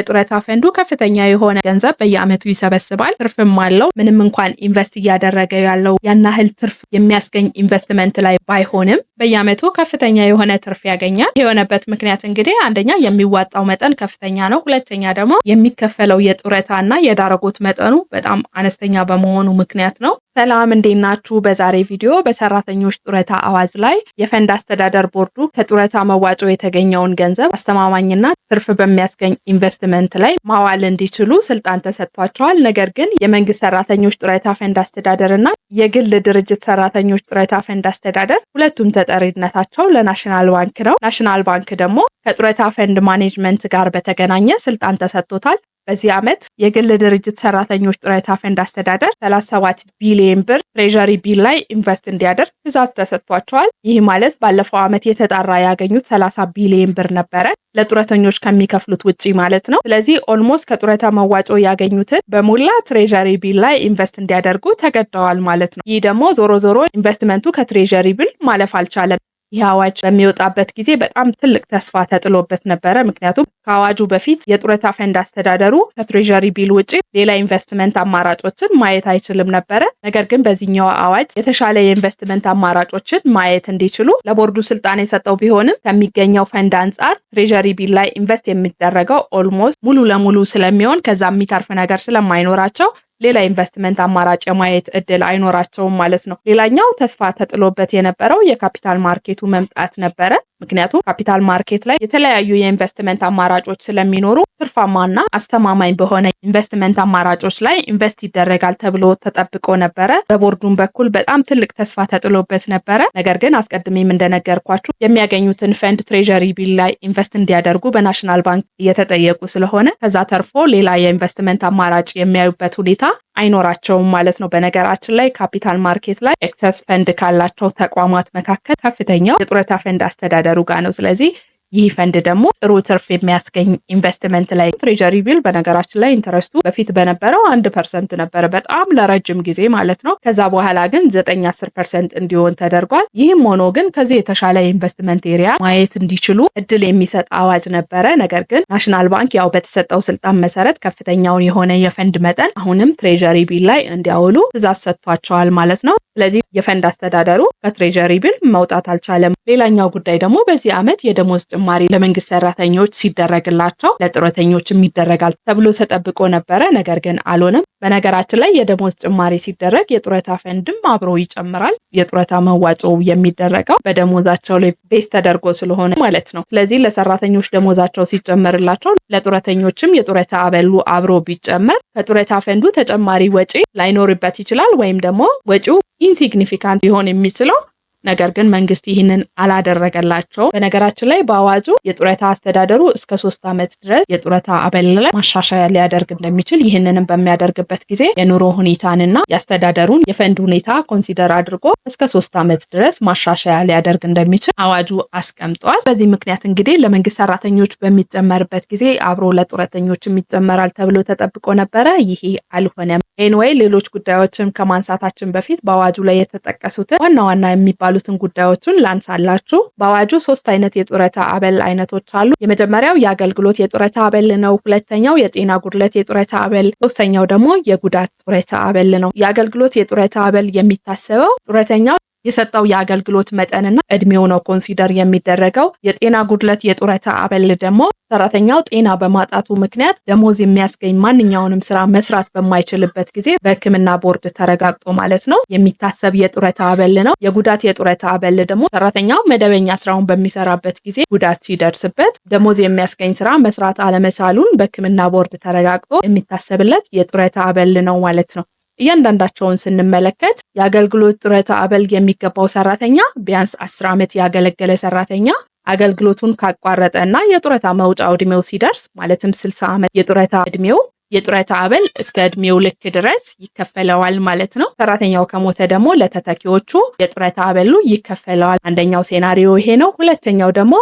የጡረታ ፈንዱ ከፍተኛ የሆነ ገንዘብ በየአመቱ ይሰበስባል። ትርፍም አለው። ምንም እንኳን ኢንቨስት እያደረገ ያለው ያን ያህል ትርፍ የሚያስገኝ ኢንቨስትመንት ላይ ባይሆንም በየአመቱ ከፍተኛ የሆነ ትርፍ ያገኛል። የሆነበት ምክንያት እንግዲህ አንደኛ የሚዋጣው መጠን ከፍተኛ ነው። ሁለተኛ ደግሞ የሚከፈለው የጡረታና የዳረጎት መጠኑ በጣም አነስተኛ በመሆኑ ምክንያት ነው። ሰላም እንዴት ናችሁ? በዛሬ ቪዲዮ በሰራተኞች ጡረታ አዋጅ ላይ የፈንድ አስተዳደር ቦርዱ ከጡረታ መዋጮ የተገኘውን ገንዘብ አስተማማኝና ትርፍ በሚያስገኝ ኢንቨስትመንት ላይ ማዋል እንዲችሉ ስልጣን ተሰጥቷቸዋል። ነገር ግን የመንግስት ሰራተኞች ጡረታ ፈንድ አስተዳደር እና የግል ድርጅት ሰራተኞች ጡረታ ፈንድ አስተዳደር ሁለቱም ተጠሪነታቸው ለናሽናል ባንክ ነው። ናሽናል ባንክ ደግሞ ከጡረታ ፈንድ ማኔጅመንት ጋር በተገናኘ ስልጣን ተሰጥቶታል። በዚህ ዓመት የግል ድርጅት ሰራተኞች ጡረታ ፈንድ አስተዳደር 37 ቢሊዮን ብር ትሬዥሪ ቢል ላይ ኢንቨስት እንዲያደርግ ትዕዛዝ ተሰጥቷቸዋል። ይህ ማለት ባለፈው ዓመት የተጣራ ያገኙት 30 ቢሊዮን ብር ነበረ ለጡረተኞች ከሚከፍሉት ውጪ ማለት ነው። ስለዚህ ኦልሞስት ከጡረታ መዋጮ ያገኙትን በሞላ ትሬዥሪ ቢል ላይ ኢንቨስት እንዲያደርጉ ተገደዋል ማለት ነው። ይህ ደግሞ ዞሮ ዞሮ ኢንቨስትመንቱ ከትሬዥሪ ቢል ማለፍ አልቻለም። ይህ አዋጅ በሚወጣበት ጊዜ በጣም ትልቅ ተስፋ ተጥሎበት ነበረ። ምክንያቱም ከአዋጁ በፊት የጡረታ ፈንድ አስተዳደሩ ከትሬዠሪ ቢል ውጭ ሌላ ኢንቨስትመንት አማራጮችን ማየት አይችልም ነበረ። ነገር ግን በዚህኛው አዋጅ የተሻለ የኢንቨስትመንት አማራጮችን ማየት እንዲችሉ ለቦርዱ ስልጣን የሰጠው ቢሆንም ከሚገኘው ፈንድ አንጻር ትሬዠሪ ቢል ላይ ኢንቨስት የሚደረገው ኦልሞስት ሙሉ ለሙሉ ስለሚሆን ከዛ የሚተርፍ ነገር ስለማይኖራቸው ሌላ ኢንቨስትመንት አማራጭ የማየት እድል አይኖራቸውም ማለት ነው። ሌላኛው ተስፋ ተጥሎበት የነበረው የካፒታል ማርኬቱ መምጣት ነበረ። ምክንያቱም ካፒታል ማርኬት ላይ የተለያዩ የኢንቨስትመንት አማራጮች ስለሚኖሩ ትርፋማና አስተማማኝ በሆነ ኢንቨስትመንት አማራጮች ላይ ኢንቨስት ይደረጋል ተብሎ ተጠብቆ ነበረ። በቦርዱም በኩል በጣም ትልቅ ተስፋ ተጥሎበት ነበረ። ነገር ግን አስቀድሜም እንደነገርኳችሁ የሚያገኙትን ፈንድ ትሬዠሪ ቢል ላይ ኢንቨስት እንዲያደርጉ በናሽናል ባንክ እየተጠየቁ ስለሆነ ከዛ ተርፎ ሌላ የኢንቨስትመንት አማራጭ የሚያዩበት ሁኔታ አይኖራቸውም ማለት ነው። በነገራችን ላይ ካፒታል ማርኬት ላይ ኤክሰስ ፈንድ ካላቸው ተቋማት መካከል ከፍተኛው የጡረታ ፈንድ አስተዳደሩ ጋር ነው። ስለዚህ ይህ ፈንድ ደግሞ ጥሩ ትርፍ የሚያስገኝ ኢንቨስትመንት ላይ ትሬጀሪ ቢል በነገራችን ላይ ኢንተረስቱ በፊት በነበረው አንድ ፐርሰንት ነበረ፣ በጣም ለረጅም ጊዜ ማለት ነው። ከዛ በኋላ ግን ዘጠኝ አስር ፐርሰንት እንዲሆን ተደርጓል። ይህም ሆኖ ግን ከዚህ የተሻለ ኢንቨስትመንት ኤሪያ ማየት እንዲችሉ እድል የሚሰጥ አዋጅ ነበረ። ነገር ግን ናሽናል ባንክ ያው በተሰጠው ስልጣን መሰረት ከፍተኛውን የሆነ የፈንድ መጠን አሁንም ትሬጀሪ ቢል ላይ እንዲያውሉ ትዛዝ ሰጥቷቸዋል ማለት ነው። ስለዚህ የፈንድ አስተዳደሩ ከትሬጀሪ ቢል መውጣት አልቻለም። ሌላኛው ጉዳይ ደግሞ በዚህ ዓመት የደሞዝ ጭማሪ ለመንግስት ሰራተኞች ሲደረግላቸው ለጡረተኞችም ይደረጋል ተብሎ ተጠብቆ ነበረ። ነገር ግን አልሆነም። በነገራችን ላይ የደሞዝ ጭማሪ ሲደረግ የጡረታ ፈንድም አብሮ ይጨምራል። የጡረታ መዋጮ የሚደረገው በደሞዛቸው ላይ ቤስ ተደርጎ ስለሆነ ማለት ነው። ስለዚህ ለሰራተኞች ደሞዛቸው ሲጨመርላቸው ለጡረተኞችም የጡረታ አበሉ አብሮ ቢጨመር ከጡረታ ፈንዱ ተጨማሪ ወጪ ላይኖርበት ይችላል ወይም ደግሞ ወጪው ኢንሲግኒፊካንት ሊሆን የሚችለው ነገር ግን መንግስት ይህንን አላደረገላቸውም። በነገራችን ላይ በአዋጁ የጡረታ አስተዳደሩ እስከ ሶስት ዓመት ድረስ የጡረታ አበል ላይ ማሻሻያ ሊያደርግ እንደሚችል ይህንንም በሚያደርግበት ጊዜ የኑሮ ሁኔታንና የአስተዳደሩን የፈንድ ሁኔታ ኮንሲደር አድርጎ እስከ ሶስት ዓመት ድረስ ማሻሻያ ሊያደርግ እንደሚችል አዋጁ አስቀምጧል። በዚህ ምክንያት እንግዲህ ለመንግስት ሰራተኞች በሚጨመርበት ጊዜ አብሮ ለጡረተኞችም ይጨመራል ተብሎ ተጠብቆ ነበረ። ይሄ አልሆነም። ኤንወይ ሌሎች ጉዳዮችን ከማንሳታችን በፊት በአዋጁ ላይ የተጠቀሱትን ዋና ዋና የሚባሉትን ጉዳዮቹን ላንሳላችሁ። በአዋጁ ሶስት አይነት የጡረታ አበል አይነቶች አሉ። የመጀመሪያው የአገልግሎት የጡረታ አበል ነው። ሁለተኛው የጤና ጉድለት የጡረታ አበል፣ ሶስተኛው ደግሞ የጉዳት ጡረታ አበል ነው። የአገልግሎት የጡረታ አበል የሚታሰበው ጡረተኛው የሰጠው የአገልግሎት መጠንና እድሜው ነው ኮንሲደር የሚደረገው። የጤና ጉድለት የጡረታ አበል ደግሞ ሰራተኛው ጤና በማጣቱ ምክንያት ደሞዝ የሚያስገኝ ማንኛውንም ስራ መስራት በማይችልበት ጊዜ በሕክምና ቦርድ ተረጋግጦ ማለት ነው የሚታሰብ የጡረታ አበል ነው። የጉዳት የጡረታ አበል ደግሞ ሰራተኛው መደበኛ ስራውን በሚሰራበት ጊዜ ጉዳት ሲደርስበት ደሞዝ የሚያስገኝ ስራ መስራት አለመቻሉን በሕክምና ቦርድ ተረጋግጦ የሚታሰብለት የጡረታ አበል ነው ማለት ነው። እያንዳንዳቸውን ስንመለከት የአገልግሎት ጡረታ አበል የሚገባው ሰራተኛ ቢያንስ አስር ዓመት ያገለገለ ሰራተኛ አገልግሎቱን ካቋረጠ እና የጡረታ መውጫ ዕድሜው ሲደርስ ማለትም 60 ዓመት የጡረታ ዕድሜው የጡረታ አበል እስከ ዕድሜው ልክ ድረስ ይከፈለዋል ማለት ነው። ሰራተኛው ከሞተ ደግሞ ለተተኪዎቹ የጡረታ አበሉ ይከፈለዋል። አንደኛው ሴናሪዮ ይሄ ነው። ሁለተኛው ደግሞ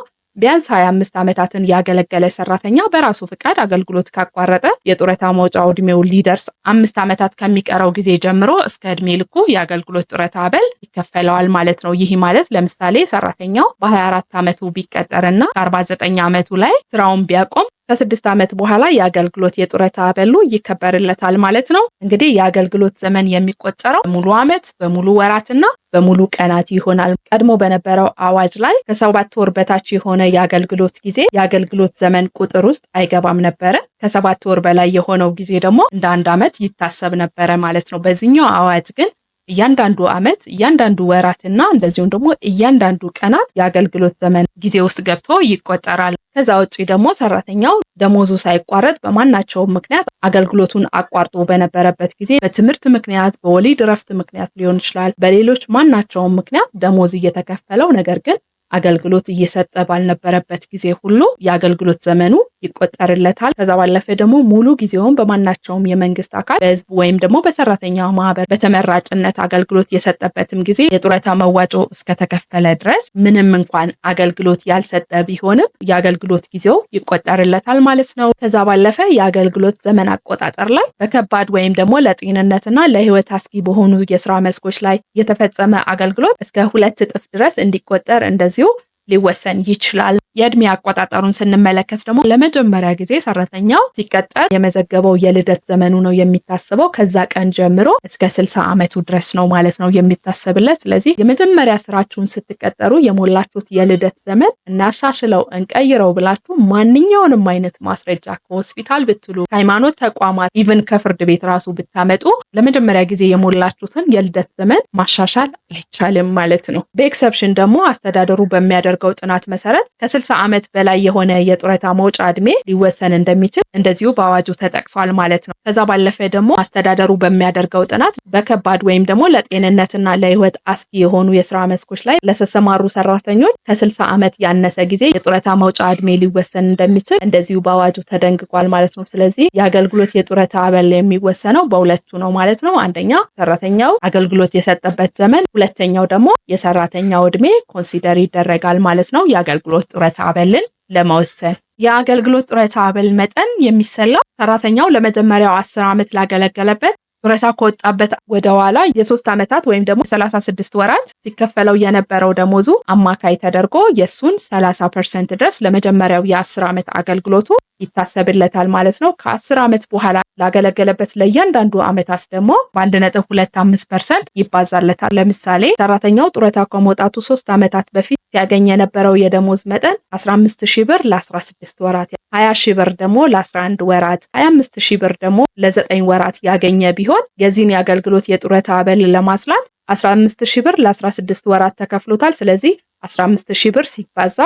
ቢያንስ 25 ዓመታትን ያገለገለ ሰራተኛ በራሱ ፍቃድ አገልግሎት ካቋረጠ የጡረታ መውጫ እድሜው ሊደርስ አምስት ዓመታት ከሚቀረው ጊዜ ጀምሮ እስከ እድሜ ልኩ የአገልግሎት ጡረታ አበል ይከፈለዋል ማለት ነው። ይህ ማለት ለምሳሌ ሰራተኛው በ24 ዓመቱ ቢቀጠርና ከ49 ዓመቱ ላይ ስራውን ቢያቆም ከስድስት ዓመት በኋላ የአገልግሎት የጡረታ አበሉ ይከበርለታል ማለት ነው። እንግዲህ የአገልግሎት ዘመን የሚቆጠረው በሙሉ ዓመት በሙሉ ወራትና በሙሉ ቀናት ይሆናል። ቀድሞ በነበረው አዋጅ ላይ ከሰባት ወር በታች የሆነ የአገልግሎት ጊዜ የአገልግሎት ዘመን ቁጥር ውስጥ አይገባም ነበረ። ከሰባት ወር በላይ የሆነው ጊዜ ደግሞ እንደ አንድ ዓመት ይታሰብ ነበረ ማለት ነው። በዚህኛው አዋጅ ግን እያንዳንዱ ዓመት እያንዳንዱ ወራትና እንደዚሁም ደግሞ እያንዳንዱ ቀናት የአገልግሎት ዘመን ጊዜ ውስጥ ገብቶ ይቆጠራል። ከዛ ውጪ ደግሞ ሰራተኛው ደሞዙ ሳይቋረጥ በማናቸውም ምክንያት አገልግሎቱን አቋርጦ በነበረበት ጊዜ በትምህርት ምክንያት፣ በወሊድ ረፍት ምክንያት ሊሆን ይችላል። በሌሎች ማናቸውም ምክንያት ደሞዝ እየተከፈለው ነገር ግን አገልግሎት እየሰጠ ባልነበረበት ጊዜ ሁሉ የአገልግሎት ዘመኑ ይቆጠርለታል። ከዛ ባለፈ ደግሞ ሙሉ ጊዜውን በማናቸውም የመንግስት አካል በህዝብ ወይም ደግሞ በሰራተኛ ማህበር በተመራጭነት አገልግሎት የሰጠበትም ጊዜ የጡረታ መዋጮ እስከተከፈለ ድረስ ምንም እንኳን አገልግሎት ያልሰጠ ቢሆንም የአገልግሎት ጊዜው ይቆጠርለታል ማለት ነው። ከዛ ባለፈ የአገልግሎት ዘመን አቆጣጠር ላይ በከባድ ወይም ደግሞ ለጤንነትና ለህይወት አስጊ በሆኑ የስራ መስኮች ላይ የተፈጸመ አገልግሎት እስከ ሁለት እጥፍ ድረስ እንዲቆጠር እንደዚሁ ሊወሰን ይችላል። የእድሜ አቆጣጠሩን ስንመለከት ደግሞ ለመጀመሪያ ጊዜ ሰራተኛው ሲቀጠር የመዘገበው የልደት ዘመኑ ነው የሚታስበው። ከዛ ቀን ጀምሮ እስከ ስልሳ ዓመቱ ድረስ ነው ማለት ነው የሚታሰብለት። ስለዚህ የመጀመሪያ ስራችሁን ስትቀጠሩ የሞላችሁት የልደት ዘመን እናሻሽለው፣ እንቀይረው ብላችሁ ማንኛውንም አይነት ማስረጃ ከሆስፒታል ብትሉ፣ ከሃይማኖት ተቋማት ኢቭን ከፍርድ ቤት ራሱ ብታመጡ ለመጀመሪያ ጊዜ የሞላችሁትን የልደት ዘመን ማሻሻል አይቻልም ማለት ነው። በኤክሰፕሽን ደግሞ አስተዳደሩ በሚያደርገው ጥናት መሰረት ከስልሳ ከ ዓመት በላይ የሆነ የጡረታ መውጫ ዕድሜ ሊወሰን እንደሚችል እንደዚሁ በአዋጁ ተጠቅሷል ማለት ነው። ከዛ ባለፈ ደግሞ አስተዳደሩ በሚያደርገው ጥናት በከባድ ወይም ደግሞ ለጤንነትና ለህይወት አስጊ የሆኑ የስራ መስኮች ላይ ለተሰማሩ ሰራተኞች ከ60 ዓመት ያነሰ ጊዜ የጡረታ መውጫ ዕድሜ ሊወሰን እንደሚችል እንደዚሁ በአዋጁ ተደንግቋል ማለት ነው። ስለዚህ የአገልግሎት የጡረታ አበል የሚወሰነው በሁለቱ ነው ማለት ነው። አንደኛ ሰራተኛው አገልግሎት የሰጠበት ዘመን፣ ሁለተኛው ደግሞ የሰራተኛው ዕድሜ ኮንሲደር ይደረጋል ማለት ነው የአገልግሎት ጡረታ ጡረታ አበልን ለመወሰን የአገልግሎት ጡረታ አበል መጠን የሚሰላው ሰራተኛው ለመጀመሪያው አስር ዓመት ላገለገለበት ጡረታ ከወጣበት ወደ ኋላ የሶስት ዓመታት ወይም ደግሞ 36 ወራት ሲከፈለው የነበረው ደሞዙ አማካይ ተደርጎ የእሱን 30 ፐርሰንት ድረስ ለመጀመሪያው የአስር ዓመት አገልግሎቱ ይታሰብለታል ማለት ነው። ከአስር ዓመት በኋላ ላገለገለበት ለእያንዳንዱ ዓመታት ደግሞ በአንድ ነጥብ ሁለት አምስት ፐርሰንት ይባዛለታል። ለምሳሌ ሰራተኛው ጡረታ ከመውጣቱ ሶስት ዓመታት በፊት ያገኘ የነበረው የደሞዝ መጠን 15 ሺህ ብር ለ16 ወራት፣ 20 ሺህ ብር ደግሞ ለ11 ወራት፣ 25 ሺህ ብር ደግሞ ለ9 ወራት ያገኘ ቢሆን የዚህን የአገልግሎት የጡረታ አበል ለማስላት 15 ሺህ ብር ለ16 ወራት ተከፍሎታል። ስለዚህ 15 ሺህ ብር ሲባዛ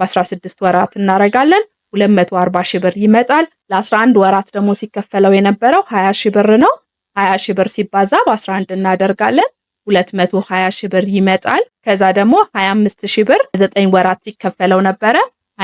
በ16 ወራት እናረጋለን 240 ሺህ ብር ይመጣል። ለ11 ወራት ደግሞ ሲከፈለው የነበረው 20 ሺህ ብር ነው። 20 ሺህ ብር ሲባዛ በ11 እናደርጋለን 220 ሺህ ብር ይመጣል። ከዛ ደግሞ 25 ሺህ ብር 9 ወራት ሲከፈለው ነበረ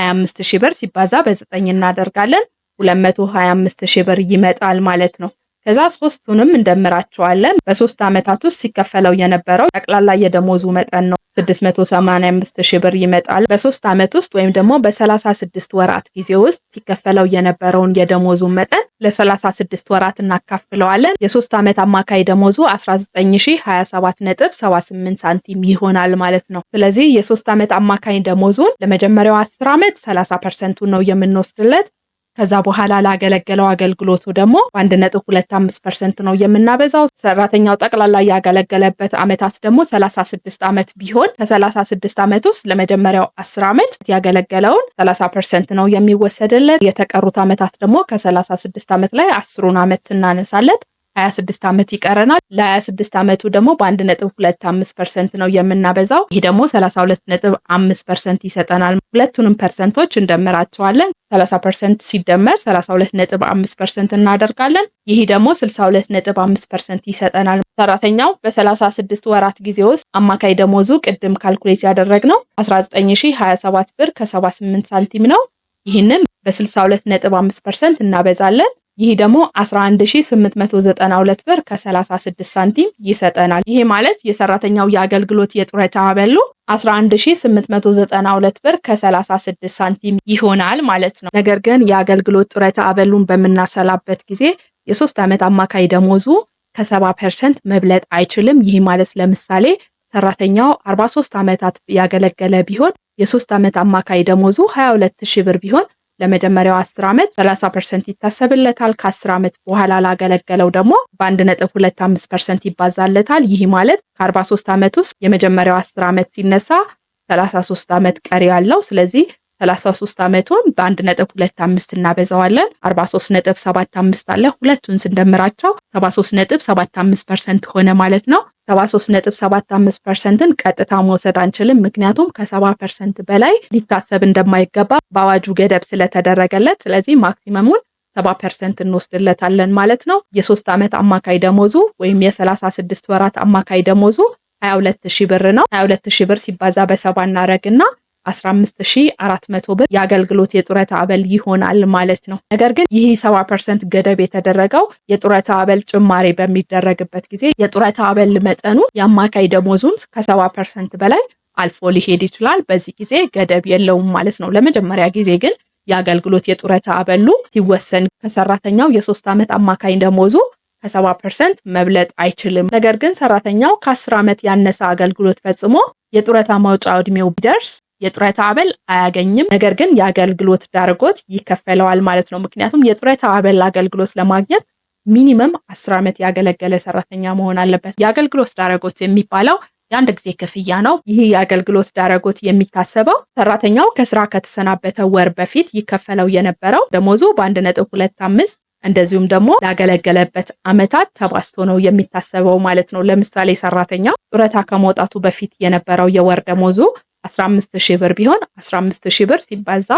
25 ሺህ ብር ሲባዛ በ9 እናደርጋለን 225 ሺህ ብር ይመጣል ማለት ነው። ከዛ ሶስቱንም እንደምራቸዋለን። በሶስት ዓመታት ውስጥ ሲከፈለው የነበረው ጠቅላላ የደሞዙ መጠን ነው 685 ሺህ ብር ይመጣል። በሶስት ዓመት ውስጥ ወይም ደግሞ በ36 ወራት ጊዜ ውስጥ ሲከፈለው የነበረውን የደሞዙ መጠን ለ36 ወራት እናካፍለዋለን። የሶስት ዓመት አማካይ ደሞዙ 19027.78 ሳንቲም ይሆናል ማለት ነው። ስለዚህ የሶስት ዓመት አማካይ ደሞዙን ለመጀመሪያው 10 ዓመት 30 ፐርሰንቱ ነው የምንወስድለት ከዛ በኋላ ላገለገለው አገልግሎቱ ደግሞ በአንድ ነጥብ ሁለት አምስት ፐርሰንት ነው የምናበዛው። ሰራተኛው ጠቅላላ ያገለገለበት አመታት ደግሞ ሰላሳ ስድስት አመት ቢሆን ከሰላሳ ስድስት አመት ውስጥ ለመጀመሪያው አስር አመት ያገለገለውን ሰላሳ ፐርሰንት ነው የሚወሰድለት። የተቀሩት አመታት ደግሞ ከሰላሳ ስድስት አመት ላይ አስሩን አመት ስናነሳለት 26 ዓመት ይቀረናል። ለ26 ዓመቱ ደግሞ በ1.25 ፐርሰንት ነው የምናበዛው። ይህ ደግሞ 32.5 ፐርሰንት ይሰጠናል። ሁለቱንም ፐርሰንቶች እንደምራቸዋለን። 30 ፐርሰንት ሲደመር 32.5 ፐርሰንት እናደርጋለን። ይህ ደግሞ 62.5 ፐርሰንት ይሰጠናል። ሰራተኛው በ36 ወራት ጊዜ ውስጥ አማካይ ደሞዙ ቅድም ካልኩሌት ያደረግ ያደረግነው 19027 ብር ከ78 ሳንቲም ነው። ይህንን በ62.5 ፐርሰንት እናበዛለን ይህ ደግሞ 11892 ብር ከ36 ሳንቲም ይሰጠናል። ይሄ ማለት የሰራተኛው የአገልግሎት የጡረታ አበሉ 11892 ብር ከ36 ሳንቲም ይሆናል ማለት ነው። ነገር ግን የአገልግሎት ጡረታ አበሉን በምናሰላበት ጊዜ የሶስት ዓመት አማካይ ደሞዙ ከ70 ፐርሰንት መብለጥ አይችልም። ይህ ማለት ለምሳሌ ሰራተኛው 43 ዓመታት ያገለገለ ቢሆን የሶስት ዓመት አማካይ ደሞዙ 22000 ብር ቢሆን ለመጀመሪያው 10 ዓመት 30 ፐርሰንት ይታሰብለታል። ከ10 ዓመት በኋላ ላገለገለው ደግሞ በ1.25 ፐርሰንት ይባዛለታል። ይህ ማለት ከ43 ዓመት ውስጥ የመጀመሪያው 10 ዓመት ሲነሳ 33 ዓመት ቀሪ ያለው ስለዚህ 33 ዓመቱን በ1.25 እናበዛዋለን 43.75 አለ። ሁለቱን ስንደምራቸው 73.75 ፐርሰንት ሆነ ማለት ነው። 73.75 ፐርሰንትን ቀጥታ መውሰድ አንችልም፣ ምክንያቱም ከ70 ፐርሰንት በላይ ሊታሰብ እንደማይገባ በአዋጁ ገደብ ስለተደረገለት፣ ስለዚህ ማክሲመሙን 70 ፐርሰንት እንወስድለታለን ማለት ነው። የሶስት ዓመት አማካይ ደሞዙ ወይም የ36 ወራት አማካይ ደሞዙ 22 ብር ነው። 22 ሺ ብር ሲባዛ በሰባ እናረግና 15400 ብር የአገልግሎት የጡረታ አበል ይሆናል ማለት ነው። ነገር ግን ይህ 70 ፐርሰንት ገደብ የተደረገው የጡረታ አበል ጭማሬ በሚደረግበት ጊዜ የጡረታ አበል መጠኑ የአማካይ ደሞዙን ከ70 ፐርሰንት በላይ አልፎ ሊሄድ ይችላል። በዚህ ጊዜ ገደብ የለውም ማለት ነው። ለመጀመሪያ ጊዜ ግን የአገልግሎት የጡረታ አበሉ ሲወሰን ከሰራተኛው የሶስት ዓመት አማካይ ደሞዙ ከሰባ ፐርሰንት መብለጥ አይችልም። ነገር ግን ሰራተኛው ከ ከ10 ዓመት ያነሰ አገልግሎት ፈጽሞ የጡረታ ማውጫ ዕድሜው ቢደርስ የጡረታ አበል አያገኝም። ነገር ግን የአገልግሎት ዳርጎት ይከፈለዋል ማለት ነው። ምክንያቱም የጡረታ አበል አገልግሎት ለማግኘት ሚኒመም አስር ዓመት ያገለገለ ሰራተኛ መሆን አለበት። የአገልግሎት ዳረጎት የሚባለው የአንድ ጊዜ ክፍያ ነው። ይህ የአገልግሎት ዳረጎት የሚታሰበው ሰራተኛው ከስራ ከተሰናበተ ወር በፊት ይከፈለው የነበረው ደሞዙ በአንድ ነጥብ ሁለት አምስት እንደዚሁም ደግሞ ላገለገለበት ዓመታት ተባስቶ ነው የሚታሰበው ማለት ነው። ለምሳሌ ሰራተኛው ጡረታ ከመውጣቱ በፊት የነበረው የወር ደሞዙ 15 ሺህ ብር ቢሆን 15 ሺህ ብር ሲባዛ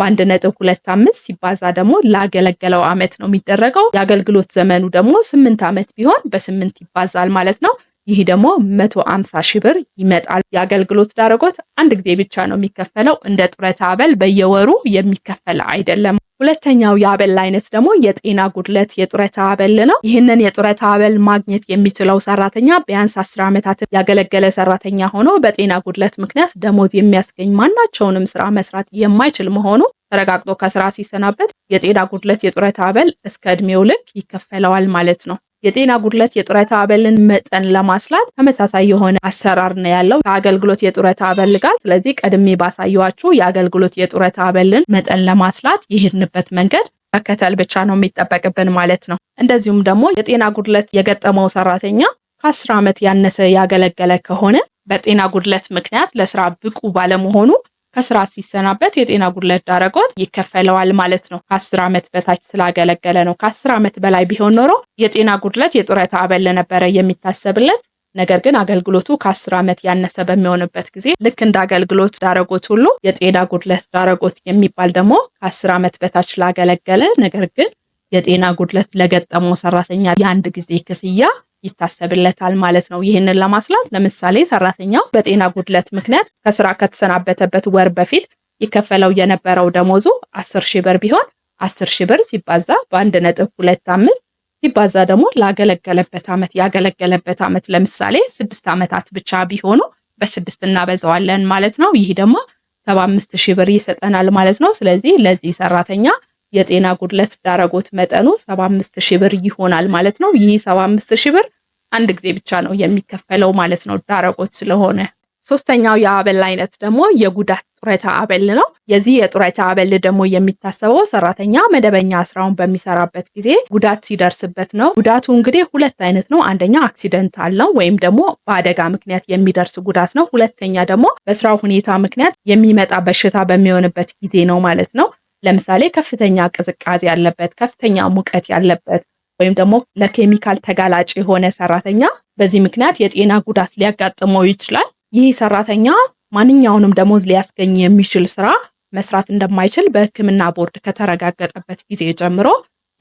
በአንድ ነጥብ ሁለት አምስት ሲባዛ ደግሞ ላገለገለው አመት ነው የሚደረገው። የአገልግሎት ዘመኑ ደግሞ ስምንት ዓመት ቢሆን በስምንት ይባዛል ማለት ነው። ይህ ደግሞ መቶ አምሳ ሺህ ብር ይመጣል። የአገልግሎት ዳረጎት አንድ ጊዜ ብቻ ነው የሚከፈለው። እንደ ጡረታ አበል በየወሩ የሚከፈል አይደለም። ሁለተኛው የአበል አይነት ደግሞ የጤና ጉድለት የጡረታ አበል ነው። ይህንን የጡረታ አበል ማግኘት የሚችለው ሰራተኛ ቢያንስ አስር ዓመታትን ያገለገለ ሰራተኛ ሆኖ በጤና ጉድለት ምክንያት ደሞዝ የሚያስገኝ ማናቸውንም ስራ መስራት የማይችል መሆኑ ተረጋግጦ ከስራ ሲሰናበት የጤና ጉድለት የጡረታ አበል እስከ እድሜው ልክ ይከፈለዋል ማለት ነው። የጤና ጉድለት የጡረታ አበልን መጠን ለማስላት ተመሳሳይ የሆነ አሰራር ነው ያለው ከአገልግሎት የጡረታ አበል ጋር። ስለዚህ ቀድሜ ባሳየኋችሁ የአገልግሎት የጡረታ አበልን መጠን ለማስላት የሄድንበት መንገድ መከተል ብቻ ነው የሚጠበቅብን ማለት ነው። እንደዚሁም ደግሞ የጤና ጉድለት የገጠመው ሰራተኛ ከአስር ዓመት ያነሰ ያገለገለ ከሆነ በጤና ጉድለት ምክንያት ለስራ ብቁ ባለመሆኑ ከስራ ሲሰናበት የጤና ጉድለት ዳረጎት ይከፈለዋል ማለት ነው። ከአስር ዓመት በታች ስላገለገለ ነው። ከአስር ዓመት በላይ ቢሆን ኖሮ የጤና ጉድለት የጡረታ አበል ነበረ የሚታሰብለት። ነገር ግን አገልግሎቱ ከአስር ዓመት ያነሰ በሚሆንበት ጊዜ ልክ እንደ አገልግሎት ዳረጎት ሁሉ የጤና ጉድለት ዳረጎት የሚባል ደግሞ ከአስር ዓመት በታች ስላገለገለ ነገር ግን የጤና ጉድለት ለገጠመው ሰራተኛ የአንድ ጊዜ ክፍያ ይታሰብለታል ማለት ነው። ይህንን ለማስላት ለምሳሌ ሰራተኛው በጤና ጉድለት ምክንያት ከስራ ከተሰናበተበት ወር በፊት ይከፈለው የነበረው ደሞዙ አስር ሺህ ብር ቢሆን አስር ሺህ ብር ሲባዛ በአንድ ነጥብ ሁለት አምስት ሲባዛ ደግሞ ላገለገለበት ዓመት ያገለገለበት ዓመት ለምሳሌ ስድስት ዓመታት ብቻ ቢሆኑ በስድስት እናበዛዋለን ማለት ነው። ይህ ደግሞ ሰባ አምስት ሺህ ብር ይሰጠናል ማለት ነው። ስለዚህ ለዚህ ሰራተኛ የጤና ጉድለት ዳረጎት መጠኑ ሰባ አምስት ሺህ ብር ይሆናል ማለት ነው። ይህ ሰባ አምስት ሺህ ብር አንድ ጊዜ ብቻ ነው የሚከፈለው ማለት ነው ዳረጎት ስለሆነ። ሶስተኛው የአበል አይነት ደግሞ የጉዳት ጡረታ አበል ነው። የዚህ የጡረታ አበል ደግሞ የሚታሰበው ሰራተኛ መደበኛ ስራውን በሚሰራበት ጊዜ ጉዳት ሲደርስበት ነው። ጉዳቱ እንግዲህ ሁለት አይነት ነው። አንደኛ አክሲደንት አለው ወይም ደግሞ በአደጋ ምክንያት የሚደርስ ጉዳት ነው። ሁለተኛ ደግሞ በስራው ሁኔታ ምክንያት የሚመጣ በሽታ በሚሆንበት ጊዜ ነው ማለት ነው። ለምሳሌ ከፍተኛ ቅዝቃዜ ያለበት፣ ከፍተኛ ሙቀት ያለበት ወይም ደግሞ ለኬሚካል ተጋላጭ የሆነ ሰራተኛ በዚህ ምክንያት የጤና ጉዳት ሊያጋጥመው ይችላል። ይህ ሰራተኛ ማንኛውንም ደሞዝ ሊያስገኝ የሚችል ስራ መስራት እንደማይችል በሕክምና ቦርድ ከተረጋገጠበት ጊዜ ጀምሮ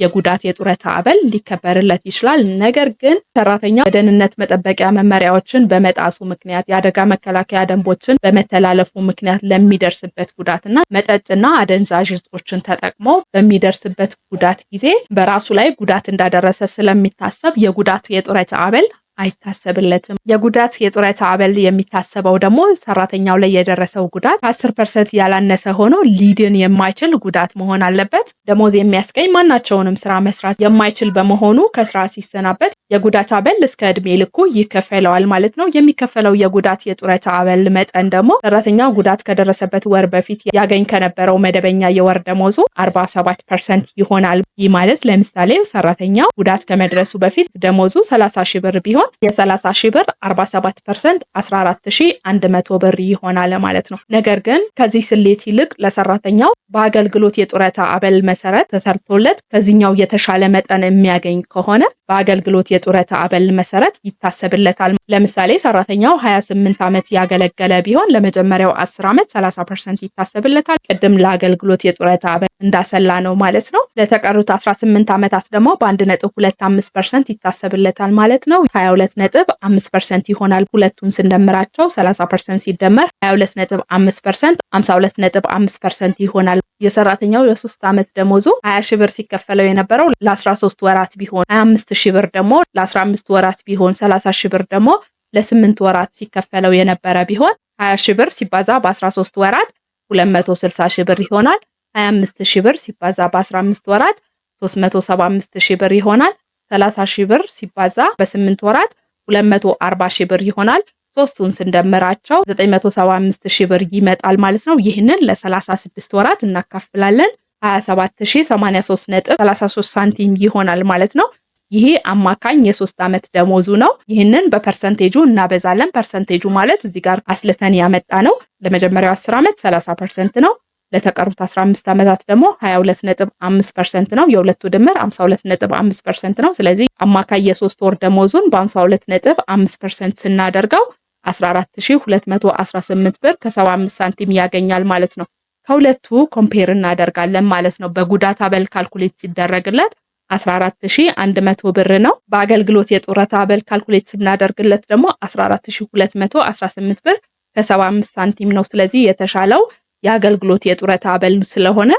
የጉዳት የጡረታ አበል ሊከበርለት ይችላል። ነገር ግን ሰራተኛ የደህንነት መጠበቂያ መመሪያዎችን በመጣሱ ምክንያት የአደጋ መከላከያ ደንቦችን በመተላለፉ ምክንያት ለሚደርስበት ጉዳትና መጠጥና አደንዛዥ እጾችን ተጠቅሞ በሚደርስበት ጉዳት ጊዜ በራሱ ላይ ጉዳት እንዳደረሰ ስለሚታሰብ የጉዳት የጡረታ አበል አይታሰብለትም። የጉዳት የጡረታ አበል የሚታሰበው ደግሞ ሰራተኛው ላይ የደረሰው ጉዳት ከአስር ፐርሰንት ያላነሰ ሆኖ ሊድን የማይችል ጉዳት መሆን አለበት። ደሞዝ የሚያስገኝ ማናቸውንም ስራ መስራት የማይችል በመሆኑ ከስራ ሲሰናበት የጉዳት አበል እስከ እድሜ ልኩ ይከፈለዋል ማለት ነው። የሚከፈለው የጉዳት የጡረታ አበል መጠን ደግሞ ሰራተኛው ጉዳት ከደረሰበት ወር በፊት ያገኝ ከነበረው መደበኛ የወር ደሞዙ 47 ፐርሰንት ይሆናል። ይህ ማለት ለምሳሌ ሰራተኛው ጉዳት ከመድረሱ በፊት ደሞዙ 30 ሺህ ብር ቢሆን ሲሆን የ30 ብር 47 ፐርሰንት 14100 ብር ይሆናል ማለት ነው። ነገር ግን ከዚህ ስሌት ይልቅ ለሰራተኛው በአገልግሎት የጡረታ አበል መሰረት ተሰርቶለት ከዚህኛው የተሻለ መጠን የሚያገኝ ከሆነ በአገልግሎት የጡረታ አበል መሰረት ይታሰብለታል። ለምሳሌ ሰራተኛው 28 ዓመት ያገለገለ ቢሆን ለመጀመሪያው 10 ዓመት 30 ፐርሰንት ይታሰብለታል። ቅድም ለአገልግሎት የጡረታ አበል እንዳሰላ ነው ማለት ነው። ለተቀሩት 18 ዓመታት ደግሞ በ1.25 ፐርሰንት ይታሰብለታል ማለት ነው። 22 ነጥብ 5 ፐርሰንት ይሆናል። ሁለቱን ስንደምራቸው 30 ፐርሰንት ሲደመር 22 ነጥብ 5 ፐርሰንት 52 ነጥብ 5 ፐርሰንት ይሆናል። የሰራተኛው የሶስት ዓመት ደሞዙ 20 ሺ ብር ሲከፈለው የነበረው ለ13 ወራት ቢሆን 25 ሺ ብር ደሞ ለ15 ወራት ቢሆን 30 ሺ ብር ደግሞ ለስምንት ወራት ሲከፈለው የነበረ ቢሆን 20 ሺ ብር ሲባዛ በ13 ወራት 260 ሺ ብር ይሆናል። 25 ሺ ብር ሲባዛ በ15 ወራት 375 ሺ ብር ይሆናል። 30 ሺህ ብር ሲባዛ በስምንት ወራት 240 ሺህ ብር ይሆናል። ሶስቱን ስንደምራቸው 975 ሺህ ብር ይመጣል ማለት ነው። ይህንን ለ36 ወራት እናካፍላለን 27083 ነጥብ 33 ሳንቲም ይሆናል ማለት ነው። ይሄ አማካኝ የሶስት ዓመት ደሞዙ ነው። ይህንን በፐርሰንቴጁ እናበዛለን። ፐርሰንቴጁ ማለት እዚህ ጋር አስልተን ያመጣ ነው። ለመጀመሪያው 10 ዓመት 30 ፐርሰንት ነው። ለተቀሩት 15 ዓመታት ደግሞ 22.5% ነው። የሁለቱ ድምር 52.5% ነው። ስለዚህ አማካይ የሶስት ወር ደሞዙን በ52.5% ስናደርገው 14218 ብር ከ75 ሳንቲም ያገኛል ማለት ነው። ከሁለቱ ኮምፔር እናደርጋለን ማለት ነው። በጉዳት አበል ካልኩሌት ሲደረግለት 14100 ብር ነው። በአገልግሎት የጡረታ አበል ካልኩሌት ስናደርግለት ደግሞ 14218 ብር ከ75 ሳንቲም ነው። ስለዚህ የተሻለው የአገልግሎት የጡረታ አበል ስለሆነ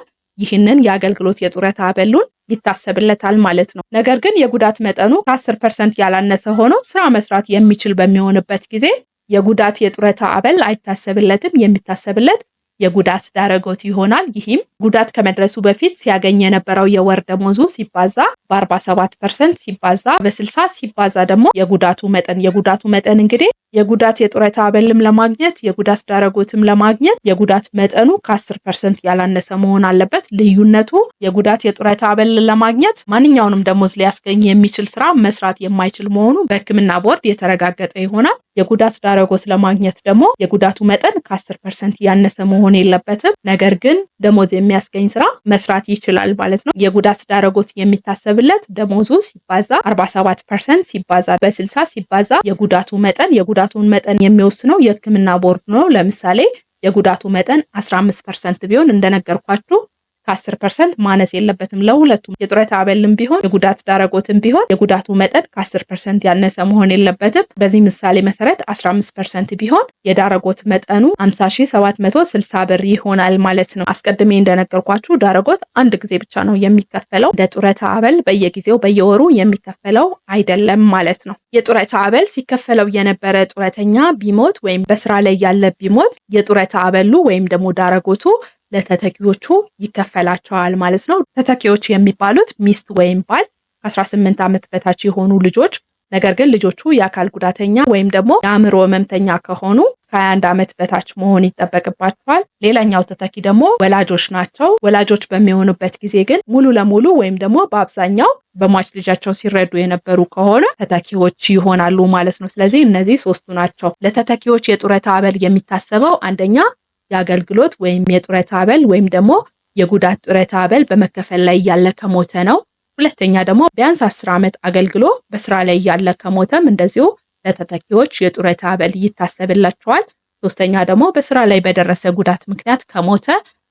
ይህንን የአገልግሎት የጡረታ አበሉን ይታሰብለታል ማለት ነው። ነገር ግን የጉዳት መጠኑ ከ10 ፐርሰንት ያላነሰ ሆኖ ስራ መስራት የሚችል በሚሆንበት ጊዜ የጉዳት የጡረታ አበል አይታሰብለትም። የሚታሰብለት የጉዳት ዳረጎት ይሆናል። ይህም ጉዳት ከመድረሱ በፊት ሲያገኝ የነበረው የወር ደሞዙ ሲባዛ በ47 ፐርሰንት ሲባዛ በ60 ሲባዛ ደግሞ የጉዳቱ መጠን የጉዳቱ መጠን እንግዲህ የጉዳት የጡረታ አበልም ለማግኘት የጉዳት ዳረጎትም ለማግኘት የጉዳት መጠኑ ከ10 ፐርሰንት ያላነሰ መሆን አለበት። ልዩነቱ የጉዳት የጡረታ አበል ለማግኘት ማንኛውንም ደሞዝ ሊያስገኝ የሚችል ስራ መስራት የማይችል መሆኑ በሕክምና ቦርድ የተረጋገጠ ይሆናል። የጉዳት ዳረጎት ለማግኘት ደግሞ የጉዳቱ መጠን ከ10 ፐርሰንት ያነሰ መሆን የለበትም። ነገር ግን ደሞዝ የሚያስገኝ ስራ መስራት ይችላል ማለት ነው። የጉዳት ዳረጎት የሚታሰብለት ደሞዙ ሲባዛ 47 ፐርሰንት ሲባዛ በ60 ሲባዛ የጉዳቱ መጠን የጉዳ የጉዳቱን መጠን የሚወስነው የሕክምና ቦርድ ነው። ለምሳሌ የጉዳቱ መጠን 15 ፐርሰንት ቢሆን እንደነገርኳችሁ ከ10 ፐርሰንት ማነስ የለበትም። ለሁለቱም የጡረታ አበልም ቢሆን የጉዳት ዳረጎትም ቢሆን የጉዳቱ መጠን ከ10 ፐርሰንት ያነሰ መሆን የለበትም። በዚህ ምሳሌ መሰረት 15 ፐርሰንት ቢሆን የዳረጎት መጠኑ 50760 ብር ይሆናል ማለት ነው። አስቀድሜ እንደነገርኳችሁ ዳረጎት አንድ ጊዜ ብቻ ነው የሚከፈለው። እንደ ጡረታ አበል በየጊዜው በየወሩ የሚከፈለው አይደለም ማለት ነው። የጡረታ አበል ሲከፈለው የነበረ ጡረተኛ ቢሞት ወይም በስራ ላይ ያለ ቢሞት የጡረታ አበሉ ወይም ደግሞ ዳረጎቱ ለተተኪዎቹ ይከፈላቸዋል ማለት ነው። ተተኪዎች የሚባሉት ሚስት ወይም ባል ከ18 ዓመት በታች የሆኑ ልጆች ነገር ግን ልጆቹ የአካል ጉዳተኛ ወይም ደግሞ የአእምሮ ህመምተኛ ከሆኑ ከ21 ዓመት በታች መሆን ይጠበቅባቸዋል። ሌላኛው ተተኪ ደግሞ ወላጆች ናቸው። ወላጆች በሚሆኑበት ጊዜ ግን ሙሉ ለሙሉ ወይም ደግሞ በአብዛኛው በሟች ልጃቸው ሲረዱ የነበሩ ከሆነ ተተኪዎች ይሆናሉ ማለት ነው። ስለዚህ እነዚህ ሶስቱ ናቸው። ለተተኪዎች የጡረታ አበል የሚታሰበው አንደኛ የአገልግሎት ወይም የጡረታ አበል ወይም ደግሞ የጉዳት ጡረታ አበል በመከፈል ላይ እያለ ከሞተ ነው። ሁለተኛ ደግሞ ቢያንስ አስር ዓመት አገልግሎ በስራ ላይ እያለ ከሞተም እንደዚሁ ለተተኪዎች የጡረታ አበል ይታሰብላቸዋል። ሶስተኛ ደግሞ በስራ ላይ በደረሰ ጉዳት ምክንያት ከሞተ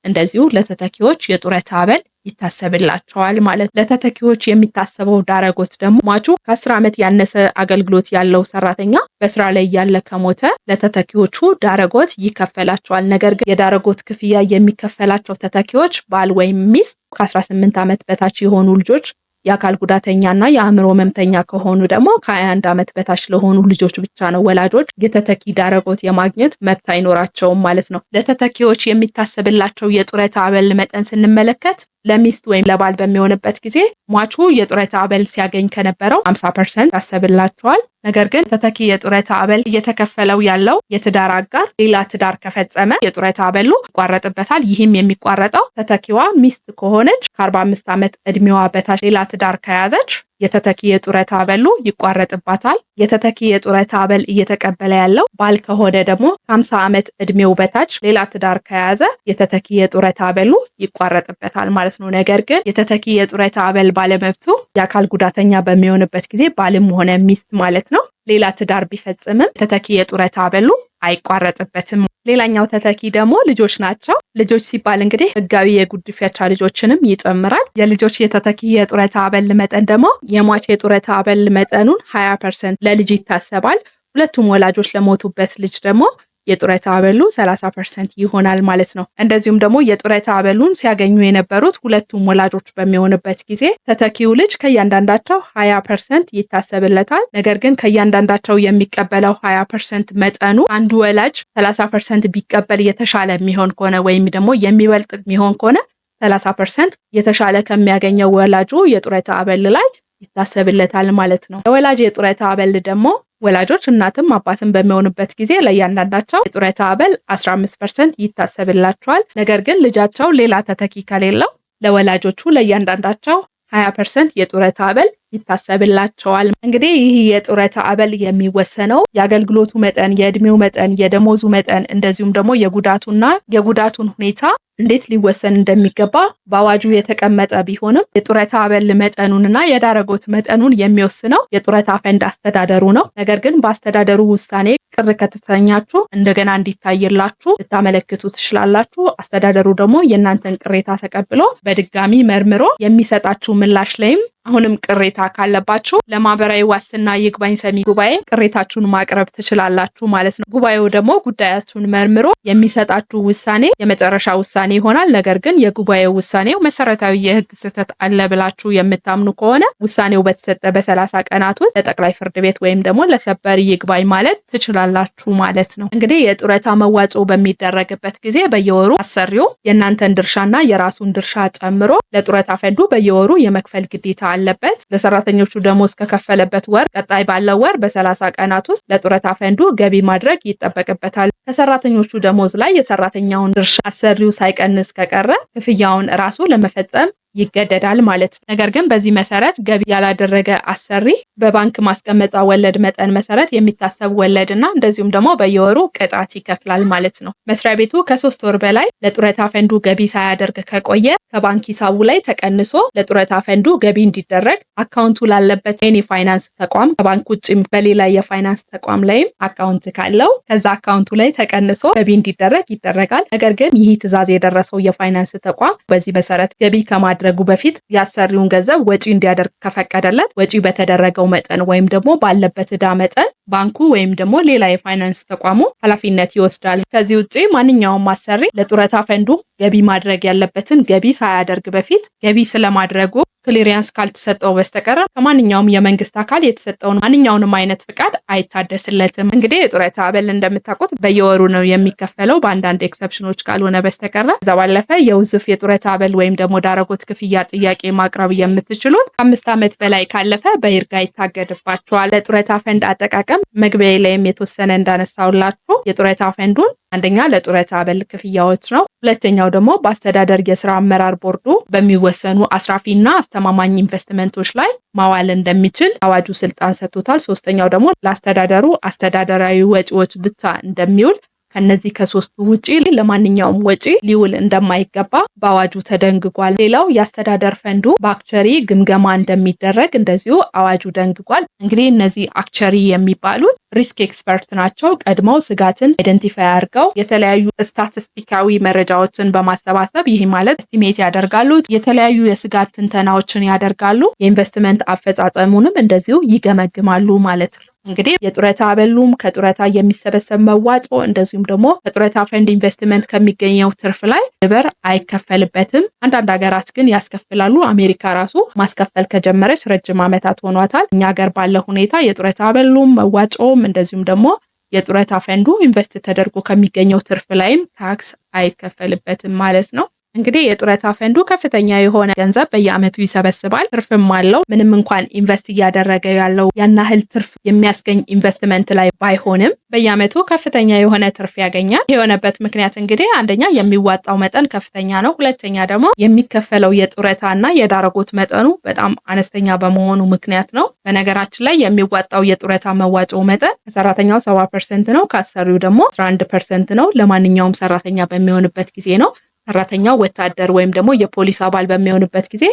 እንደዚሁ ለተተኪዎች የጡረታ አበል ይታሰብላቸዋል ማለት። ለተተኪዎች የሚታሰበው ዳረጎት ደግሞ ሟቹ ከአስር ዓመት ያነሰ አገልግሎት ያለው ሰራተኛ በስራ ላይ ያለ ከሞተ ለተተኪዎቹ ዳረጎት ይከፈላቸዋል። ነገር ግን የዳረጎት ክፍያ የሚከፈላቸው ተተኪዎች ባል ወይም ሚስት፣ ከ18 ዓመት በታች የሆኑ ልጆች፣ የአካል ጉዳተኛና የአእምሮ ህመምተኛ ከሆኑ ደግሞ ከ21 ዓመት በታች ለሆኑ ልጆች ብቻ ነው ወላጆች የተተኪ ዳረጎት የማግኘት መብት አይኖራቸውም ማለት ነው። ለተተኪዎች የሚታሰብላቸው የጡረታ አበል መጠን ስንመለከት ለሚስት ወይም ለባል በሚሆንበት ጊዜ ሟቹ የጡረታ አበል ሲያገኝ ከነበረው 50 ፐርሰንት ያሰብላቸዋል። ነገር ግን ተተኪ የጡረታ አበል እየተከፈለው ያለው የትዳር አጋር ሌላ ትዳር ከፈጸመ የጡረታ አበሉ ይቋረጥበታል። ይህም የሚቋረጠው ተተኪዋ ሚስት ከሆነች ከ45 ዓመት እድሜዋ በታች ሌላ ትዳር ከያዘች የተተኪ የጡረታ አበሉ ይቋረጥባታል። የተተኪ የጡረታ አበል እየተቀበለ ያለው ባል ከሆነ ደግሞ ከ ዓመት እድሜው በታች ሌላ ትዳር ከያዘ የተተኪ የጡረታ አበሉ ይቋረጥበታል ማለት ነው። ነገር ግን የተተኪ የጡረታ አበል ባለመብቱ የአካል ጉዳተኛ በሚሆንበት ጊዜ ባልም ሆነ ሚስት ማለት ነው ሌላ ትዳር ቢፈጽምም ተተኪ የጡረታ አበሉ አይቋረጥበትም። ሌላኛው ተተኪ ደግሞ ልጆች ናቸው። ልጆች ሲባል እንግዲህ ህጋዊ የጉድፈቻ ልጆችንም ይጨምራል። የልጆች የተተኪ የጡረታ አበል መጠን ደግሞ የሟች የጡረታ አበል መጠኑን 20 ፐርሰንት ለልጅ ይታሰባል። ሁለቱም ወላጆች ለሞቱበት ልጅ ደግሞ የጡረታ አበሉ 30 ፐርሰንት ይሆናል ማለት ነው። እንደዚሁም ደግሞ የጡረታ አበሉን ሲያገኙ የነበሩት ሁለቱም ወላጆች በሚሆንበት ጊዜ ተተኪው ልጅ ከእያንዳንዳቸው 20 ፐርሰንት ይታሰብለታል። ነገር ግን ከእያንዳንዳቸው የሚቀበለው 20 ፐርሰንት መጠኑ አንዱ ወላጅ 30 ፐርሰንት ቢቀበል የተሻለ የሚሆን ከሆነ ወይም ደግሞ የሚበልጥ የሚሆን ከሆነ 30 ፐርሰንት የተሻለ ከሚያገኘው ወላጁ የጡረታ አበል ላይ ይታሰብለታል ማለት ነው። የወላጅ የጡረታ አበል ደግሞ ወላጆች እናትም አባትም በሚሆኑበት ጊዜ ለእያንዳንዳቸው የጡረታ አበል 15 ፐርሰንት ይታሰብላቸዋል። ነገር ግን ልጃቸው ሌላ ተተኪ ከሌለው ለወላጆቹ ለእያንዳንዳቸው 20 ፐርሰንት የጡረታ አበል ይታሰብላቸዋል። እንግዲህ ይህ የጡረታ አበል የሚወሰነው የአገልግሎቱ መጠን፣ የእድሜው መጠን፣ የደሞዙ መጠን እንደዚሁም ደግሞ የጉዳቱና የጉዳቱን ሁኔታ እንዴት ሊወሰን እንደሚገባ በአዋጁ የተቀመጠ ቢሆንም የጡረታ አበል መጠኑንና የዳረጎት መጠኑን የሚወስነው የጡረታ ፈንድ አስተዳደሩ ነው። ነገር ግን በአስተዳደሩ ውሳኔ ቅር ከተሰኛችሁ እንደገና እንዲታይላችሁ ልታመለክቱ ትችላላችሁ። አስተዳደሩ ደግሞ የእናንተን ቅሬታ ተቀብሎ በድጋሚ መርምሮ የሚሰጣችሁ ምላሽ ላይም አሁንም ቅሬታ ካለባችሁ ለማህበራዊ ዋስትና ይግባኝ ሰሚ ጉባኤ ቅሬታችሁን ማቅረብ ትችላላችሁ ማለት ነው። ጉባኤው ደግሞ ጉዳያችሁን መርምሮ የሚሰጣችሁ ውሳኔ የመጨረሻ ውሳኔ ይሆናል። ነገር ግን የጉባኤው ውሳኔው መሰረታዊ የህግ ስህተት አለ ብላችሁ የምታምኑ ከሆነ ውሳኔው በተሰጠ በሰላሳ ቀናት ውስጥ ለጠቅላይ ፍርድ ቤት ወይም ደግሞ ለሰበር ይግባኝ ማለት ትችላል ትችላላችሁ ማለት ነው። እንግዲህ የጡረታ መዋጮ በሚደረግበት ጊዜ በየወሩ አሰሪው የእናንተን ድርሻና የራሱን ድርሻ ጨምሮ ለጡረታ ፈንዱ በየወሩ የመክፈል ግዴታ አለበት። ለሰራተኞቹ ደሞዝ ከከፈለበት ወር ቀጣይ ባለው ወር በሰላሳ ቀናት ውስጥ ለጡረታ ፈንዱ ገቢ ማድረግ ይጠበቅበታል። ከሰራተኞቹ ደሞዝ ላይ የሰራተኛውን ድርሻ አሰሪው ሳይቀንስ ከቀረ ክፍያውን ራሱ ለመፈጸም ይገደዳል ማለት ነው። ነገር ግን በዚህ መሰረት ገቢ ያላደረገ አሰሪ በባንክ ማስቀመጫ ወለድ መጠን መሰረት የሚታሰብ ወለድ እና እንደዚሁም ደግሞ በየወሩ ቅጣት ይከፍላል ማለት ነው። መስሪያ ቤቱ ከሶስት ወር በላይ ለጡረታ ፈንዱ ገቢ ሳያደርግ ከቆየ ከባንክ ሂሳቡ ላይ ተቀንሶ ለጡረታ ፈንዱ ገቢ እንዲደረግ አካውንቱ ላለበት ሜን ፋይናንስ ተቋም ከባንክ ውጭም በሌላ የፋይናንስ ተቋም ላይም አካውንት ካለው ከዛ አካውንቱ ላይ ተቀንሶ ገቢ እንዲደረግ ይደረጋል። ነገር ግን ይህ ትዕዛዝ የደረሰው የፋይናንስ ተቋም በዚህ መሰረት ገቢ ከማድረግ ከማድረጉ በፊት ያሰሪውን ገንዘብ ወጪ እንዲያደርግ ከፈቀደለት ወጪ በተደረገው መጠን ወይም ደግሞ ባለበት ዕዳ መጠን ባንኩ ወይም ደግሞ ሌላ የፋይናንስ ተቋሙ ኃላፊነት ይወስዳል። ከዚህ ውጭ ማንኛውም አሰሪ ለጡረታ ፈንዱ ገቢ ማድረግ ያለበትን ገቢ ሳያደርግ በፊት ገቢ ስለማድረጉ ክሊሪያንስ ካልተሰጠው በስተቀር ከማንኛውም የመንግስት አካል የተሰጠውን ማንኛውንም አይነት ፍቃድ አይታደስለትም። እንግዲህ የጡረታ አበል እንደምታውቁት በየወሩ ነው የሚከፈለው በአንዳንድ ኤክሰፕሽኖች ካልሆነ በስተቀረ። ከዛ ባለፈ የውዝፍ የጡረታ አበል ወይም ደግሞ ዳረጎት ክፍያ ጥያቄ ማቅረብ የምትችሉት ከአምስት ዓመት በላይ ካለፈ በይርጋ ይታገድባቸዋል። ለጡረታ ፈንድ አጠቃቀም መጠቀም መግቢያ ላይም የተወሰነ እንዳነሳውላችሁ የጡረታ ፈንዱን አንደኛ ለጡረታ አበል ክፍያዎች ነው። ሁለተኛው ደግሞ በአስተዳደር የስራ አመራር ቦርዱ በሚወሰኑ አስራፊና አስተማማኝ ኢንቨስትመንቶች ላይ ማዋል እንደሚችል አዋጁ ስልጣን ሰጥቶታል። ሶስተኛው ደግሞ ለአስተዳደሩ አስተዳደራዊ ወጪዎች ብቻ እንደሚውል ከነዚህ ከሶስቱ ውጪ ለማንኛውም ወጪ ሊውል እንደማይገባ በአዋጁ ተደንግጓል። ሌላው የአስተዳደር ፈንዱ በአክቸሪ ግምገማ እንደሚደረግ እንደዚሁ አዋጁ ደንግጓል። እንግዲህ እነዚህ አክቸሪ የሚባሉት ሪስክ ኤክስፐርት ናቸው። ቀድመው ስጋትን አይደንቲፋይ አድርገው የተለያዩ ስታቲስቲካዊ መረጃዎችን በማሰባሰብ ይህ ማለት ኢስቲሜት ያደርጋሉ። የተለያዩ የስጋት ትንተናዎችን ያደርጋሉ። የኢንቨስትመንት አፈጻጸሙንም እንደዚሁ ይገመግማሉ ማለት ነው። እንግዲህ የጡረታ አበሉም ከጡረታ የሚሰበሰብ መዋጮ እንደዚሁም ደግሞ ከጡረታ ፈንድ ኢንቨስትመንት ከሚገኘው ትርፍ ላይ ግብር አይከፈልበትም። አንዳንድ ሀገራት ግን ያስከፍላሉ። አሜሪካ ራሱ ማስከፈል ከጀመረች ረጅም ዓመታት ሆኗታል። እኛ ሀገር ባለ ሁኔታ የጡረታ አበሉም መዋጮውም እንደዚሁም ደግሞ የጡረታ ፈንዱ ኢንቨስት ተደርጎ ከሚገኘው ትርፍ ላይም ታክስ አይከፈልበትም ማለት ነው። እንግዲህ የጡረታ ፈንዱ ከፍተኛ የሆነ ገንዘብ በየአመቱ ይሰበስባል። ትርፍም አለው። ምንም እንኳን ኢንቨስት እያደረገ ያለው ያን ያህል ትርፍ የሚያስገኝ ኢንቨስትመንት ላይ ባይሆንም በየአመቱ ከፍተኛ የሆነ ትርፍ ያገኛል። የሆነበት ምክንያት እንግዲህ አንደኛ የሚዋጣው መጠን ከፍተኛ ነው። ሁለተኛ ደግሞ የሚከፈለው የጡረታ እና የዳረጎት መጠኑ በጣም አነስተኛ በመሆኑ ምክንያት ነው። በነገራችን ላይ የሚዋጣው የጡረታ መዋጮ መጠን ከሰራተኛው ሰባ ፐርሰንት ነው። ከአሰሪው ደግሞ አስራ አንድ ፐርሰንት ነው። ለማንኛውም ሰራተኛ በሚሆንበት ጊዜ ነው። ሰራተኛው ወታደር ወይም ደግሞ የፖሊስ አባል በሚሆንበት ጊዜ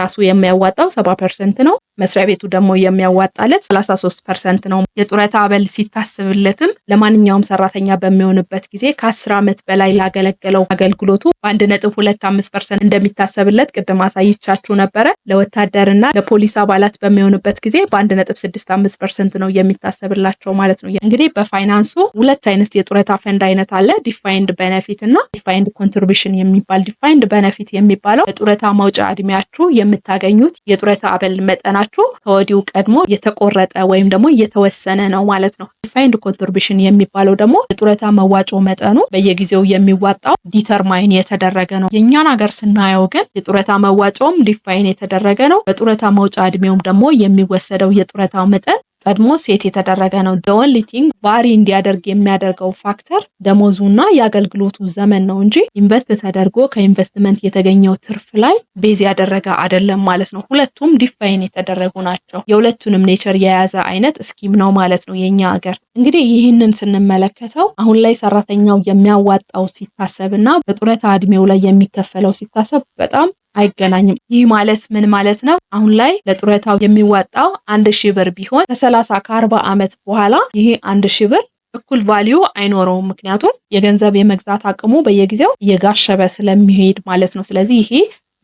ራሱ የሚያዋጣው ሰባ ፐርሰንት ነው። መስሪያ ቤቱ ደግሞ የሚያዋጣለት 33 ፐርሰንት ነው። የጡረታ አበል ሲታስብለትም ለማንኛውም ሰራተኛ በሚሆንበት ጊዜ ከ ከ10 ዓመት በላይ ላገለገለው አገልግሎቱ በአንድ ነጥብ ሁለት አምስት ፐርሰንት እንደሚታሰብለት ቅድም አሳይቻችሁ ነበረ። ለወታደርና ለፖሊስ አባላት በሚሆንበት ጊዜ በአንድ ነጥብ ስድስት አምስት ፐርሰንት ነው የሚታሰብላቸው ማለት ነው። እንግዲህ በፋይናንሱ ሁለት አይነት የጡረታ ፈንድ አይነት አለ። ዲፋይንድ በነፊት እና ዲፋይንድ ኮንትሪቢሽን የሚባል ዲፋይንድ በነፊት የሚባለው በጡረታ ማውጫ እድሜያችሁ የምታገኙት የጡረታ አበል መጠናችሁ ከወዲሁ ቀድሞ የተቆረጠ ወይም ደግሞ የተወሰነ ነው ማለት ነው። ዲፋይንድ ኮንትሪቢሽን የሚባለው ደግሞ የጡረታ መዋጮ መጠኑ በየጊዜው የሚዋጣው ዲተርማይን የተደረገ ነው። የእኛን ሀገር ስናየው ግን የጡረታ መዋጮም ዲፋይን የተደረገ ነው። በጡረታ መውጫ እድሜውም ደግሞ የሚወሰደው የጡረታው መጠን ቀድሞ ሴት የተደረገ ነው። ደወን ሊቲንግ ቫሪ እንዲያደርግ የሚያደርገው ፋክተር ደሞዙና የአገልግሎቱ ዘመን ነው እንጂ ኢንቨስት ተደርጎ ከኢንቨስትመንት የተገኘው ትርፍ ላይ ቤዝ ያደረገ አይደለም ማለት ነው። ሁለቱም ዲፋይን የተደረጉ ናቸው። የሁለቱንም ኔቸር የያዘ አይነት ስኪም ነው ማለት ነው የኛ ሀገር። እንግዲህ ይህንን ስንመለከተው አሁን ላይ ሰራተኛው የሚያዋጣው ሲታሰብ እና በጡረታ እድሜው ላይ የሚከፈለው ሲታሰብ በጣም አይገናኝም። ይህ ማለት ምን ማለት ነው? አሁን ላይ ለጡረታው የሚወጣው አንድ ሺህ ብር ቢሆን ከሰላሳ ከአርባ ዓመት በኋላ ይሄ አንድ ሺህ ብር እኩል ቫሊዩ አይኖረውም። ምክንያቱም የገንዘብ የመግዛት አቅሙ በየጊዜው እየጋሸበ ስለሚሄድ ማለት ነው። ስለዚህ ይሄ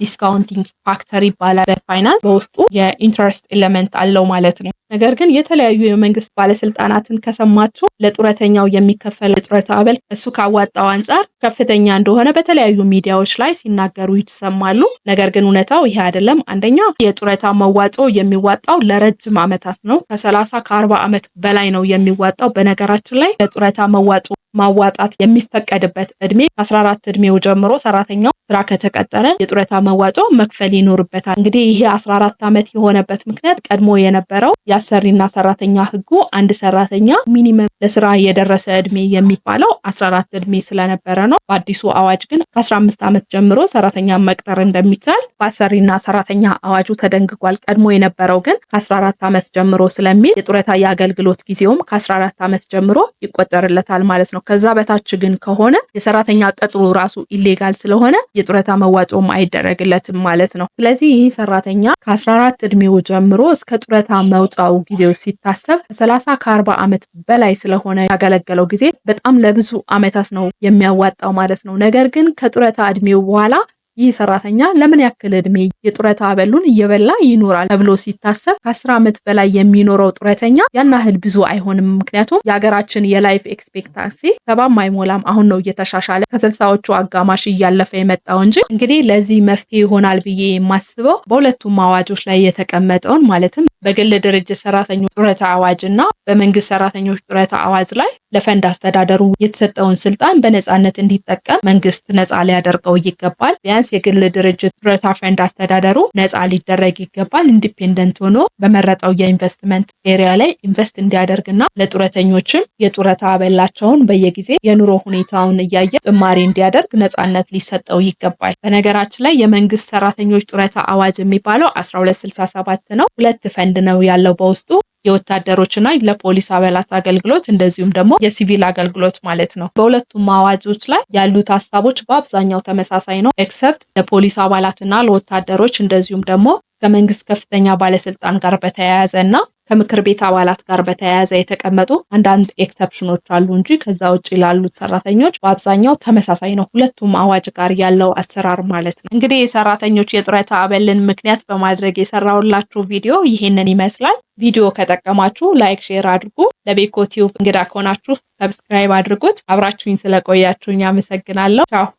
ዲስካውንቲንግ ፋክተር ይባላል። በፋይናንስ በውስጡ የኢንትረስት ኤለመንት አለው ማለት ነው። ነገር ግን የተለያዩ የመንግስት ባለስልጣናትን ከሰማችሁ ለጡረተኛው የሚከፈል ጡረታ አበል እሱ ካዋጣው አንጻር ከፍተኛ እንደሆነ በተለያዩ ሚዲያዎች ላይ ሲናገሩ ይሰማሉ። ነገር ግን እውነታው ይሄ አይደለም። አንደኛ የጡረታ መዋጮ የሚዋጣው ለረጅም ዓመታት ነው። ከሰላሳ ከአርባ ዓመት በላይ ነው የሚዋጣው። በነገራችን ላይ ለጡረታ መዋጮ ማዋጣት የሚፈቀድበት እድሜ 14 እድሜው ጀምሮ ሰራተኛው ስራ ከተቀጠረ የጡረታ መዋጮ መክፈል ይኖርበታል። እንግዲህ ይሄ 14 ዓመት የሆነበት ምክንያት ቀድሞ የነበረው የአሰሪና ሰራተኛ ህጉ አንድ ሰራተኛ ሚኒመም ለስራ የደረሰ እድሜ የሚባለው 14 እድሜ ስለነበረ ነው። በአዲሱ አዋጅ ግን ከ15 ዓመት ጀምሮ ሰራተኛ መቅጠር እንደሚቻል በአሰሪና ሰራተኛ አዋጁ ተደንግጓል። ቀድሞ የነበረው ግን ከ14 ዓመት ጀምሮ ስለሚል የጡረታ የአገልግሎት ጊዜውም ከ14 ዓመት ጀምሮ ይቆጠርለታል ማለት ነው። ከዛ በታች ግን ከሆነ የሰራተኛ ቅጥሩ ራሱ ኢሌጋል ስለሆነ የጡረታ መዋጮም አይደረግለትም ማለት ነው። ስለዚህ ይህ ሰራተኛ ከ14 እድሜው ጀምሮ እስከ ጡረታ መውጫው ጊዜው ሲታሰብ ከ30 ከ40 ዓመት በላይ ስለሆነ ያገለገለው ጊዜ በጣም ለብዙ ዓመታት ነው የሚያዋጣው ማለት ነው። ነገር ግን ከጡረታ እድሜው በኋላ ይህ ሰራተኛ ለምን ያክል እድሜ የጡረታ አበሉን እየበላ ይኖራል ተብሎ ሲታሰብ ከአስር ዓመት በላይ የሚኖረው ጡረተኛ ያን ያህል ብዙ አይሆንም። ምክንያቱም የሀገራችን የላይፍ ኤክስፔክታንሲ ሰባም አይሞላም። አሁን ነው እየተሻሻለ ከስልሳዎቹ አጋማሽ እያለፈ የመጣው እንጂ እንግዲህ ለዚህ መፍትሄ ይሆናል ብዬ የማስበው በሁለቱም አዋጆች ላይ የተቀመጠውን ማለትም በግል ድርጅት ሰራተኞች ጡረታ አዋጅ እና በመንግስት ሰራተኞች ጡረታ አዋጅ ላይ ለፈንድ አስተዳደሩ የተሰጠውን ስልጣን በነፃነት እንዲጠቀም መንግስት ነፃ ሊያደርገው ይገባል። ቢያንስ የግል ድርጅት ጡረታ ፈንድ አስተዳደሩ ነፃ ሊደረግ ይገባል። ኢንዲፔንደንት ሆኖ በመረጠው የኢንቨስትመንት ኤሪያ ላይ ኢንቨስት እንዲያደርግና ለጡረተኞችም የጡረታ አበላቸውን በየጊዜ የኑሮ ሁኔታውን እያየ ጭማሪ እንዲያደርግ ነፃነት ሊሰጠው ይገባል። በነገራችን ላይ የመንግስት ሰራተኞች ጡረታ አዋጅ የሚባለው 1267 ነው። ሁለት ፈንድ ነው ያለው በውስጡ የወታደሮችና ለፖሊስ አባላት አገልግሎት እንደዚሁም ደግሞ የሲቪል አገልግሎት ማለት ነው። በሁለቱም አዋጆች ላይ ያሉት ሀሳቦች በአብዛኛው ተመሳሳይ ነው። ኤክሰፕት ለፖሊስ አባላትና ለወታደሮች እንደዚሁም ደግሞ ከመንግስት ከፍተኛ ባለስልጣን ጋር በተያያዘ እና ከምክር ቤት አባላት ጋር በተያያዘ የተቀመጡ አንዳንድ ኤክሰፕሽኖች አሉ እንጂ ከዛ ውጭ ላሉት ሰራተኞች በአብዛኛው ተመሳሳይ ነው። ሁለቱም አዋጅ ጋር ያለው አሰራር ማለት ነው። እንግዲህ የሰራተኞች የጡረታ አበልን ምክንያት በማድረግ የሰራውላችሁ ቪዲዮ ይህንን ይመስላል። ቪዲዮ ከጠቀማችሁ ላይክ፣ ሼር አድርጉ። ለቤኮ ቲዩብ እንግዳ ከሆናችሁ ሰብስክራይብ አድርጉት። አብራችሁኝ ስለቆያችሁኝ አመሰግናለሁ። ቻው